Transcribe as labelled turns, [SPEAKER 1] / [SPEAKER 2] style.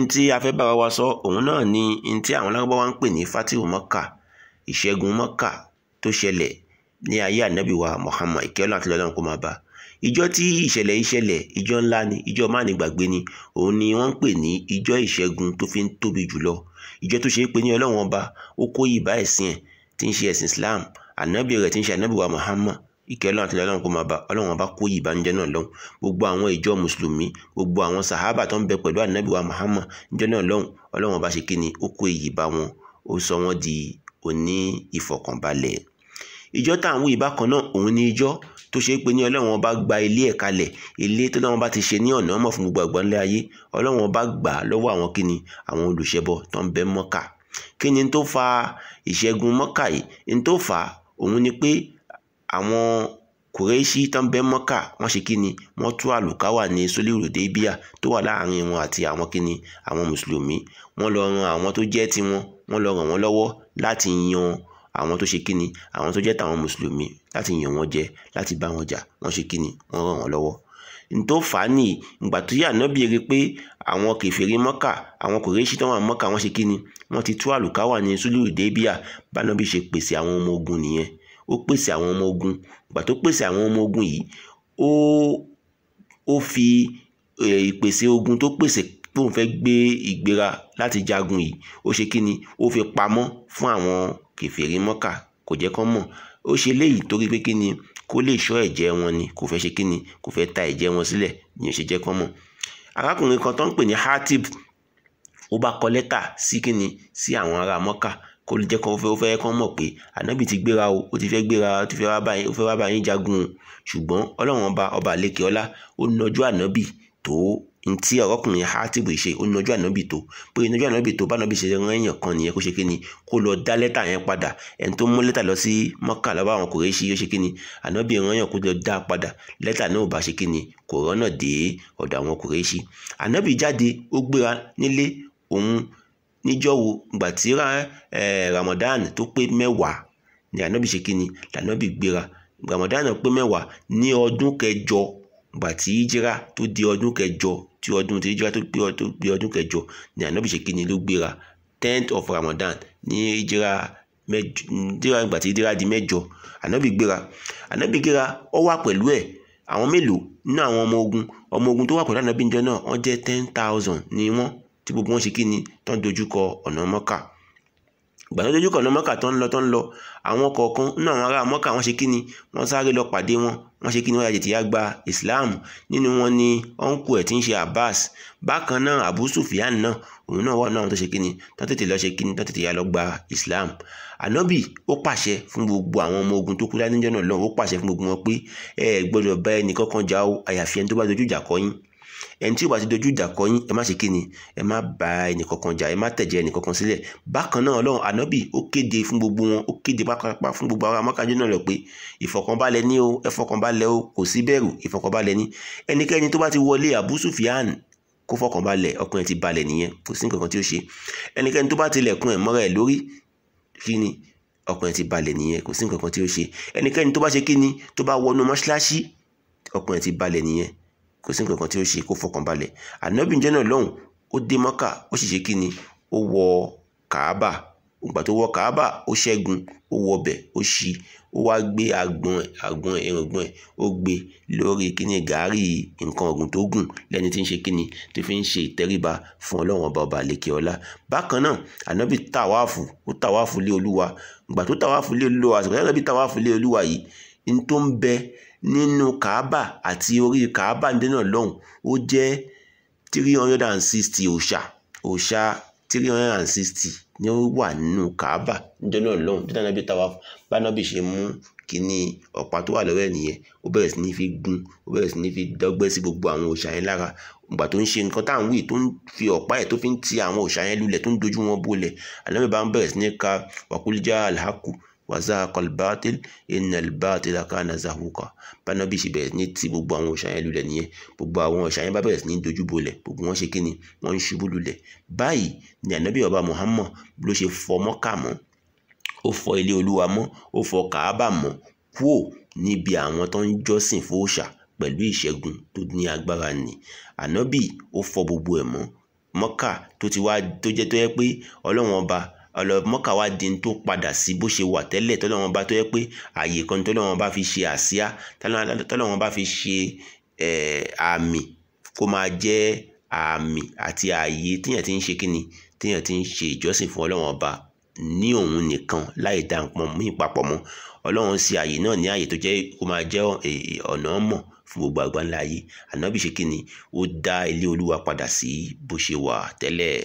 [SPEAKER 1] ntí afẹ́bára wa sọ òun náà ni ntí àwọn lárúbáwá ń pè ní fatihu mọ́kà ìṣẹ́gun mọ́kà tó ṣẹlẹ̀ ní ayé ànábì wa Muhammad ìkẹ́ ọlọ́run àti ọlọ́run kó máa bá ìjọ tí ìṣẹ̀lẹ̀ ìṣẹ̀lẹ̀ ìjọ ńlá ni ìjọ má ní gbàgbé ni òun ni wọ́n ń pè ní ìjọ ìṣẹ́gun tó fi ń tóbi jùlọ ìjọ tó ṣe é pé ní ọlọ́run ọba ó kó yìí bá ẹ̀sìn ẹ̀ tí ń ṣe ẹ̀sìn Islam ànábì rẹ̀ tí ń ṣe ànábì wa Muhammad ìkẹ́ lọ́n àti lọ́n kó máa bá ọlọ́run bá kó ìbànújẹ́ náà lọ́hùn gbogbo àwọn ìjọ mùsùlùmí gbogbo àwọn sàhábà tó ń bẹ pẹ̀lú ànábìwá Muhammad níjọ́ náà lọ́hùn ọlọ́run bá ṣe kíni ó kó iyì bá wọn ó sọ wọn di oní ìfọ̀kànbalẹ̀ ìjọ tá à ń wí ìbákan náà òun ni ìjọ tó ṣe é pé ní ọlọ́run ọba gba ilé ẹ̀ kalẹ̀ ilé tó lọ́wọ́n bá ti ṣe ní ọ̀nà ọmọ fún gbogbo àgbọ̀nlé ayé ni pé àwọn kùrẹ́ṣì tó ń bẹ mọ́kà wọ́n ṣe kí ni wọ́n tú àlùkáwà ní soliru débíà tó wà láàrin wọn àti àwọn kí ni àwọn mùsùlùmí wọ́n lọ ran àwọn tó jẹ́ tiwọn wọ́n lọ ràn wọ́n lọ́wọ́ láti yan àwọn tó ṣe kí ni àwọn tó jẹ́ tàwọn mùsùlùmí láti yan wọ́n jẹ láti bá wọn jà wọ́n ṣe kí ni wọ́n ràn wọ́n lọ́wọ́ ntó fà á nìyí ìgbà tó yà náà béèrè pé àwọn kèfèrí mọ́kà àwọn kòrèṣì tó wà mọ́kà wọ́n ṣe kí ni wọ́n ti tú àlùkáwà ní soliru débíà bá náà bí ṣe pèsè àwọn ọmọ ogun nìyẹn ó pèsè àwọn ọmọ ogun ìgbà tó pèsè àwọn ọmọ ogun yìí ó ó fi ìpèsè ogun tó pèsè tóun fẹ́ gbé ìgbéra láti jagun yìí ó ṣe kí ni ó fi pamọ́ fún àwọn kèfèrí mọ́kà kò jẹ́ kán mọ̀ ó ṣe léyìí torí pé kí ni kó lè ṣọ́ ẹ̀jẹ̀ wọn ni kò fẹ́ ṣe kí ni kò fẹ́ ta ẹ̀jẹ̀ wọn sílẹ̀ ni ò ṣe jẹ́ kán mọ̀ arákùnrin kan tó ń pè ní Hatib ó bá kọ lẹ́tà sí kí ni sí àwọn ará mọ́kà kò lè jẹ́ kó fẹ́ fẹ́ kán mọ̀ pé ànábì ti gbéra o ó ti fẹ́ gbéra ó ti fẹ́ wá báyìí ó fẹ́ jagun ṣùgbọ́n ọlọ́run ọba ọba àlekè ọlá ó nọjú ànábì tó ntí ọ̀rọ̀kùnrin hátìbù ṣe ó nọjú ànábì tó pé nọjú ànábì tó bánábì ṣe rán èèyàn kan nìyẹn kó ṣe kí ni kó lọ dá lẹ́tà yẹn padà ẹni tó mú lẹ́tà lọ sí Mọ́kà lọ́wọ́ àwọn Kùrẹ́ṣì ó ṣe kí ni ànábì rán èèyàn kó lọ dá padà lẹ́tà náà bá ṣe kí ni kò dé ọ̀dọ̀ àwọn Kùrẹ́ṣì ànábì jáde ó gbéra nílé òun níjọ́ wo ìgbà Ramadan tó pé mẹ́wàá ni ànábì ṣe kí ni lànábì gbéra Ramadan pé mẹ́wàá ní ọdún kẹjọ ìgbà tí hijira tó di ọdún kẹjọ tí ọdún tí hijira tó di ọdún kẹjọ ni ànábì ṣe kí ni ló gbéra tenth of Ramadan ní hijira mẹ́jọ hijira ìgbà di mẹ́jọ ànábì gbéra ànábì gbéra ó wà pẹ̀lú ẹ̀ àwọn mélòó nínú àwọn ọmọ ogun ọmọ ogun tó wà pẹ̀lú ànábì níjọ náà wọ́n jẹ́ ten thousand ni wọ́n tí gbogbo wọn ṣe kí ni tán dojúkọ ọ̀nà mọ́kà ìgbà tó dojúkọ ọ̀nà mọ́kà tán ń lọ tán ń lọ àwọn kọ̀ọ̀kan nínú àwọn ará mọ́kà wọ́n ṣe kí ni wọ́n sáré lọ pàdé wọn wọ́n ṣe kí ni wọ́n yàjẹ̀ tí yá gba islam nínú wọn ni ọ̀nkù ẹ̀ tí ń ṣe abbas bákan náà abu sufiyan náà òun náà wà náà tó ṣe kí ni tán tètè lọ ṣe kí ni tán tètè yá lọ gba islam ànábì ó pàṣẹ fún gbogbo àwọn ọmọ ogun tó kú láníjọ́ náà lọ́wọ́ ó pàṣẹ fún gbogbo wọn pé ẹ gbọ́dọ̀ bá ẹnì kankan jà ó àyàfi ẹni tó bá dojú ìjà kọ yín ẹni tí ò bá ti dojú ìjà kọ yín ẹ má ṣe kíni ẹ má bá ẹnìkankan jà ẹ má tẹ̀jẹ̀ ẹnìkankan sílẹ̀ bákan náà ọlọ́run ànábì ó kéde fún gbogbo wọn ó kéde pápá fún gbogbo àwọn amákanjú náà lọ pé ìfọ̀kànbalẹ̀ ní o ẹfọ̀kànbalẹ̀ o kò sí bẹ̀rù ìfọ̀kànbalẹ̀ ní ẹnikẹ́ni tó bá ti wọlé Abu Sufyan kó fọkànbalẹ̀ ọkùnrin ti balẹ̀ nìyẹn kò sí nǹkan tí ó ṣe ẹnikẹ́ni tó bá tilẹ̀kùn ẹ̀ mọ́ra ẹ̀ lórí kí ni ọkùnrin ti balẹ̀ nìyẹn kò sí nǹkan tí ó ṣe ẹnikẹ́ni tó bá ṣe kí ni tó bá wọnú mọ́ṣáláṣí ọkùnrin ti balẹ̀ nìyẹn kò sí nǹkan kan tí ó ṣe kó fọkàn balẹ̀ ànábì jẹ́ náà lọ́hùn ó dé mọ́kà ó sì ṣe kí ni ó wọ kàábà ìgbà tó wọ kàábà ó ṣẹ́gun ó wọ ọbẹ̀ ó ṣí ó wá gbé àgbọn àgbọn ẹ̀rọ̀gbọ̀n ẹ̀ ó gbé lórí kíní gàárì nǹkan ọ̀gùn tó gùn lẹ́ni tí ń ṣe kíni tó fi ń ṣe ìtẹríba fún ọlọ́run ọba ọba àlekè ọlá bákan náà ànábì tàwáàfù ó tàwáàfù lé olúwa ìgbà tó tàwáàfù lé olúwa àsìkò tí ànábì tàwáàfù lé olúwa yìí ní tó ń bẹ nínú kaaba àti orí kaaba ní dẹ́nà lọ́hùn ó jẹ́ three hundred and sixty òòṣà òòṣà three hundred and sixty ni ó wà nínú kaaba ní dẹ́nà lọ́hùn dídá náà bí tàwa bánábì ṣe mú kínní ọ̀pá tó wà lọ́wọ́ ẹ̀ nìyẹn ó bẹ̀rẹ̀ sí ní fi gun ó bẹ̀rẹ̀ sí ní fi dọ́gbẹ́ sí gbogbo àwọn òòṣà yẹn lára ìgbà tó ń ṣe nǹkan tá à ń wí tó ń fi ọ̀pá ẹ̀ tó fi ń ti àwọn òòṣà yẹn lulẹ̀ tó ń dojú wọn bolẹ̀ àlọ́ mi bá ń bẹ̀rẹ̀ sí ní ka wàkúlíjà alhaku wazaqa al-batil inna al-batila kana zahuqa bánábì ṣe bẹ̀rẹ̀ ní ti gbogbo àwọn òòṣà yẹn lulẹ̀ nìyẹn gbogbo àwọn òòṣà yẹn bá bẹ̀rẹ̀ sí ní dojúbolẹ̀ gbogbo wọn ṣe kí ni wọ́n ń ṣubú lulẹ̀ báyìí ni ànábì ọba Muhammad ló ṣe fọ Mọ́kà mọ́ ó fọ ilé olúwa mọ́ ó fọ Kàábà mọ́ kúò níbi àwọn tó ń jọ́sìn fóòṣà pẹ̀lú ìṣẹ́gun tó ní agbára ni ànábì ó fọ gbogbo ẹ̀ mọ́ Mọ́kà tó ti wá tó jẹ́ tó yẹ pé ọlọ́run ọba ọlọ́mọ́kà wa di tó padà sí bó ṣe wà tẹ́lẹ̀ tọ́lọ́wọ́n bá tó yẹ pé àyè kan tọ́lọ́wọ́n bá fi ṣe àsíá tọ́lọ́wọ́n bá fi ṣe àmì kó máa jẹ́ àmì àti àyè téèyàn ti ń ṣe kíni téèyàn ti ń ṣe ìjọsìn fún ọlọ́wọ́n ọba ní òun nìkan láì dá nǹkan mí papọ̀ mọ́ ọlọ́run sì àyè náà ní àyè tó jẹ́ kó máa jẹ́ ọ̀nà mọ̀ fún gbogbo àgbáńlá ayé ànábì ṣe kíni ó dá ilé olúwa padà sí bó ṣe wà tẹ́lẹ̀.